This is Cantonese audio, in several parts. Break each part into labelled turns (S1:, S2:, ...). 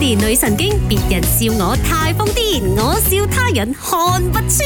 S1: 年女神經，別人笑我太瘋癲，我笑他人看不穿。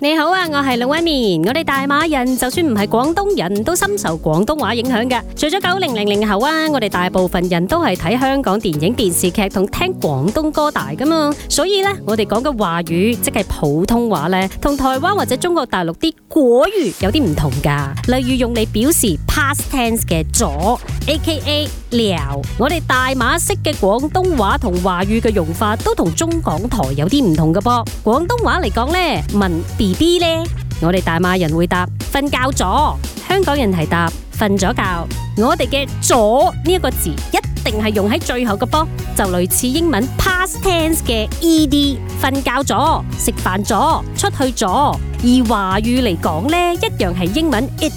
S1: 你好啊，我係龍紋敏，我哋大馬人就算唔係廣東人都深受廣東話影響嘅。除咗九零零零後啊，我哋大部分人都係睇香港電影、電視劇同聽廣東歌大噶嘛，所以呢，我哋講嘅華語即係普通話呢，同台灣或者中國大陸啲國語有啲唔同噶。例如用嚟表示 past tense 嘅咗。A K A 聊。我哋大馬式嘅廣東話同華語嘅用法都同中港台有啲唔同嘅噃。廣東話嚟講呢，問 B B 呢，我哋大馬人會答瞓覺咗，香港人係答瞓咗覺。我哋嘅咗呢一個字一定係用喺最後嘅噃，就類似英文 past tense 嘅 ed 瞓覺咗、食飯咗、出去咗。而華語嚟講呢，一樣係英文 it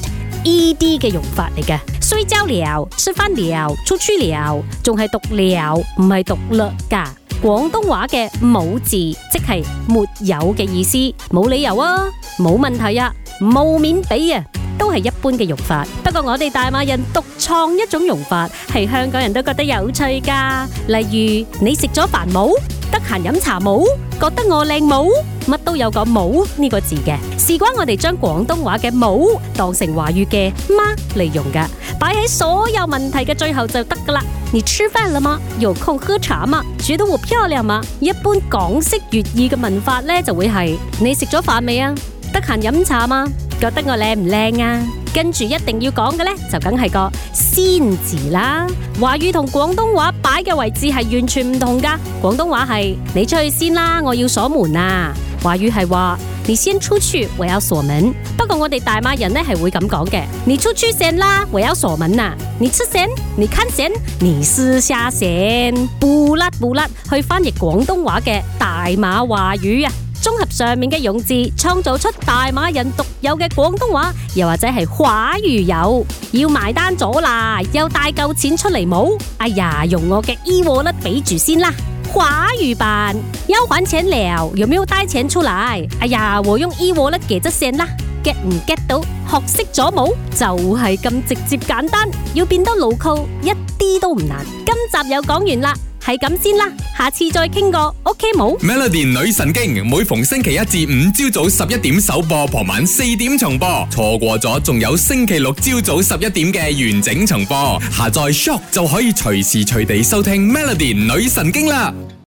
S1: ed 嘅用法嚟嘅。衰焦了，衰翻了，粗粗了，仲係讀了，唔係讀略噶。廣東話嘅冇字，即係沒有嘅意思，冇理由啊，冇問題啊，冇面俾啊，都係一般嘅用法。不過我哋大馬人獨創一種用法，係香港人都覺得有趣噶。例如，你食咗飯冇？得閒飲茶冇？覺得我靚冇？乜都有個冇，呢個字嘅，事關我哋將廣東話嘅冇當成華語嘅嗎嚟用噶擺喺所有問題嘅最後就得噶啦。你吃飯了嗎？有空喝茶嗎？覺得我漂亮嗎？一般港式粵語嘅文法呢，就會係你食咗飯未啊？得閒飲茶嗎？覺得我靚唔靚啊？跟住一定要講嘅呢，就梗係個先字啦。華語同廣東話擺嘅位置係完全唔同噶廣東話係你出去先啦，我要鎖門啊。話語係話：你先出去，我要鎖門。不過我哋大馬人咧係會咁講嘅。你出去先啦，我要鎖門啊！你出先，你看先，你試下先，布甩布甩去翻譯廣東話嘅大馬話語啊！綜合上面嘅用字，創造出大馬人獨有嘅廣東話，又或者係華語友要埋單咗啦，又帶夠錢出嚟冇？哎呀，用我嘅衣鑊甩俾住先啦！華語版要還錢了，有冇帶錢出來？哎呀，我用 E 窩啦，給咗先啦。get 唔 get 到？學識咗冇？就係咁直接簡單，要變得老扣一啲都唔難。今集又講完啦。係咁先啦，下次再傾過，OK 冇。Melody 女神經每逢星期一至五朝早十一點首播，傍晚四點重播，錯過咗仲有星期六朝早十一點嘅完整重播。下載 Shock 就可以隨時隨地收聽 Melody 女神經啦。